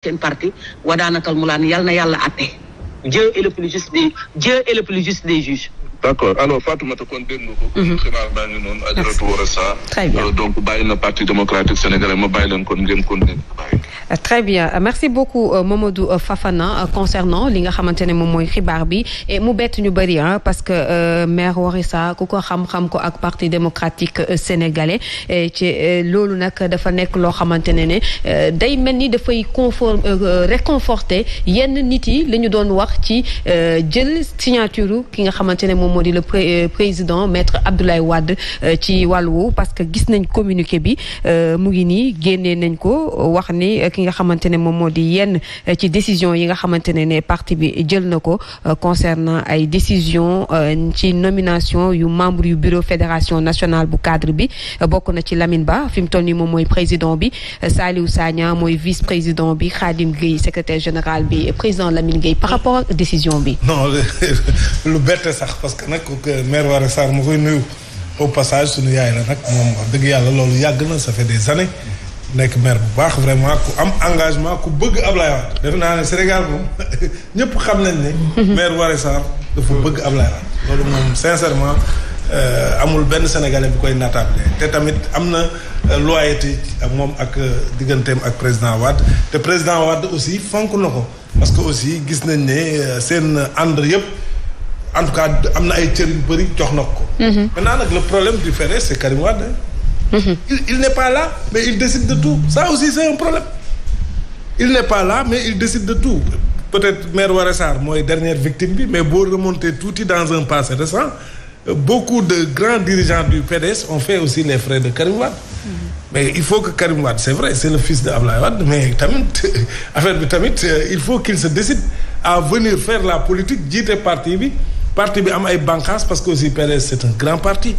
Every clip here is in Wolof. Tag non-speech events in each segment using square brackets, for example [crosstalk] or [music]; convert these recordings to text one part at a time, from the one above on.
seen parti wadaanatal mu laan yal na yàlla àtte Dieu est le plus juste des Dieu est le plus juste des juges d'accord alors Fatoumata kon dégg ko mhm. xibaar baa ngi noonu ajaratu a saa donc bàyyi na parti démocratique sénégalais ma bàyyi Euh, très bien euh, merci beaucoup euh, Mamadou Fafana concernant li nga xamante ne moom mooy xibaar bi et mu bett ñu bëri parce que maire Worissa ku ko xam-xam ko ak parti démocratique sénégalais ci loolu nag dafa nekk loo xamante ne ne day mel ni dafay conforme réconforter yenn nit yi la ñu doon wax ci jël signature ki nga xamante ne moom moo di le président maître Abdoulaye wadd ci wàll wu parce que gis nañ communiqué bi mu ngi nii génne nañ ko wax ni ki nga xamante ne moom moo di yenn eh, ci décision yi nga xamante ne ne parti bi jël na ko eh, concernant ay décision eh, ci nomination yu membre yu bureau fédération nationale bu cadre bi bokk na ci Lamine Ba fi mu toll nii moom mooy président bi Saliou Sagna mooy vice président bi Khadim Gueye secrétaire général bi président Lamine Gueye par rapport ak décision bi. non [laughs] lu bette sax parce que nag maire Waré Sarr ma koy nuyu au passage sunu yaay la nag moom wax dëgg yàlla nekk maire bu baax vraiment ku am engagement ku bëgg Ablaye Wade def naa ne Sénégal moom [laughs] ñëpp xam nañ ne. [laughs] maire war Sarr dafa bëgg Ablaye Wade loolu moom sincèrement euh, amul benn sénégalais bu koy naataable te tamit am na euh, loyauté moom ak euh, digganteem ak président Wade te président Wade aussi fonk na ko parce que aussi gis nañ ne seen ànd yëpp en tout cas am na ay cër yu bëri jox na ko. Mhm. maintenant nag le problème du fere c'est Karim Wade. Mhm. il il n'est pas là mais il décide de tout ça aussi c'est un problème il n'est pas là mais il décide de tout peut-être maire Wara Sarr mooy dernière victime bi mais boo remonter tuuti dans un passé récent beaucoup de grands dirigeants du PDS ont fait aussi les frais de Karim Wade mhm. mais il faut que Karim Wade c'est vrai c'est le fils de Ablaye mais tamit [laughs] affaire bi tamit euh, il faut qu'il se décide à venir faire la politique jiite parti bi parti bi am ay bànqaas parce que aussi PDS c'est un parti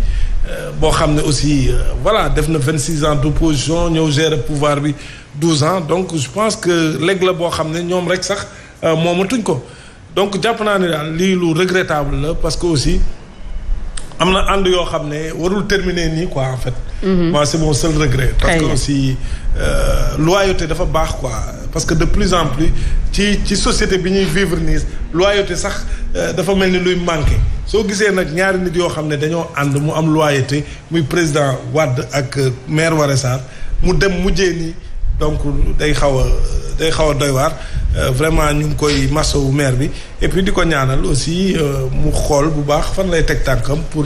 Euh, boo xam ne aussi euh, voilà def na vingt six ans d' opposition ñëw gérer pouvoir bi douze ans donc je pense que léeg la boo xam ne ñoom rek sax euh, moomatuñ ko donc jàpp naa ne daal lii lu regrettable la parce que aussi am na ànd yoo xam ne warul terminer nii quoi en fait. Mhm. moi c' est mon seul regret. parce que aussi loyauté dafa baax quoi parce que de plus en plus ci ci société bi ñuy vivre nii loyauté sax dafa mel ni luy manqué. soo gisee nag ñaari nit yoo xam ne dañoo ànd mu am loyauté muy président Wade ak euh, maire Waré Sarr mu dem mujjee nii donc day xaw a day xaw a doy waar Euh, vraiment ñu ngi koy masawu maire bi et di ko ñaanal aussi euh, mu xool bu baax fan lay teg tànkam pour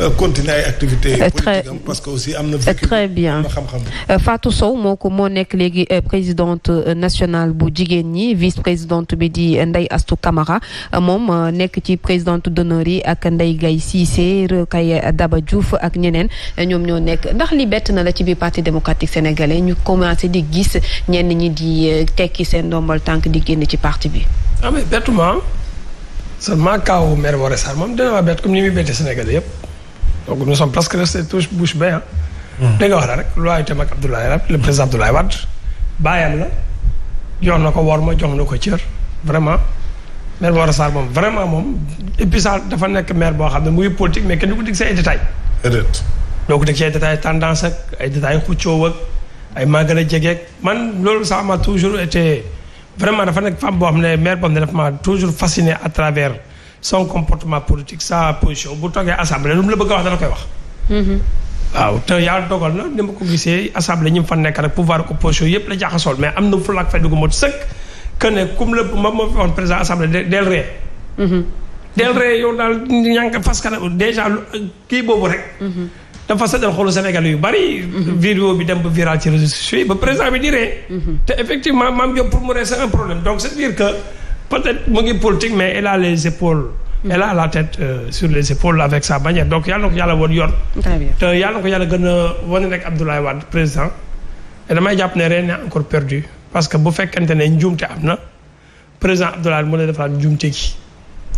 euh, continuer ay activités politiques am parce que aussi am na très bien xam-xam Fatou Sow moo ko moo nekk léegi présidente national bu jigéen ñi vice présidente bi di Ndeye astu Camara moom nekk ci présidente d'honneur yi ak ndey gay Cissé Rekaye Daba Diouf ak ñeneen ñoom ñoo nekk ndax li bett na la ci biir parti démocratique sénégalais ñu commencé di gis ñenn ñi di tekki seen ndombal tànk Seck di génn ci parti bi. ah mais bettuma seulement kaawu maire Woré Sarr moom dina ma bett comme ni muy bette Sénégal yëpp donc nous sommes presque restés tous bouche bée ah. Hmm. da nga wax rek lu waay itam ak Abdoulaye Wade le président ko wor ma jox na ko cër vraiment maire Woré moom vraiment moom et dafa nekk maire boo xam ne muy politique mais kenn du ko dig say détails. déedéet. doo ko dig tendance ak ay détails xuccoo ak ay maa gën man loolu ça m'a toujours été. vraiment dafa nekk femme boo xam ne mère boo xam ne dafa ma toujours fasciné à travers son comportement politique sa position bu toogee assemblée lu la bëgg a wax dana koy wax. Mhm. waaw te yàlla dogal na ni ma ko gisee assemblée ñi fa nekk rek pouvoir opposition yëpp la jaaxasool mais am na fulla ak fayda gu mot sëkk que ne comme la ma ma fi waxoon président assemblée del ree mhm. del ree yow daal ñànk fas déjà kii boobu rek. Mhm. dafa seddal xolu Sénégal yu bari. Mhm. vidéo bi dem ba viral ci réseaux sociaux yi ba président bi di ree mhm. te effectivement Mame Diop pour mu ree c'est un problème donc c'est-à-dire que peut-être mu ngi politique mais elle a les épaules. Mhm. elle a la tête euh, sur les épaules avec sa bannière donc yàlla na ko yàlla woon yor. très bien te yàlla na ko yàlla gën a wane rek Abdoulaye Wade président. damay jàpp ne ren a encore perdu parce que bu fekkente ne njuumte am na président Abdoulaye Wade mu ne defaraat njuumte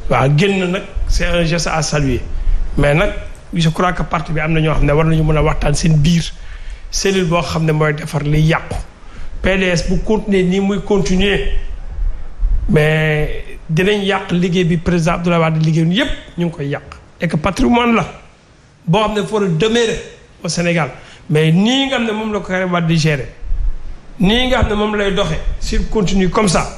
waaw génn nag c'est un geste à saluer je crois que parti bi am na ñoo xam ne war nañu mën a waxtaan seen biir cellule boo xam ne mooy defar liy yàqu PDS bu continuer nii muy continuer mais dinañ yàq liggéey bi président Abdoulaye Wade liggéeyuñu yëpp ñu ngi koy yàq et que patrimoine la boo xam ne faut demeurer au Sénégal mais nii nga ne moom la ko Karim Wade di nii nga xam ne moom lay doxe s'il continue comme ça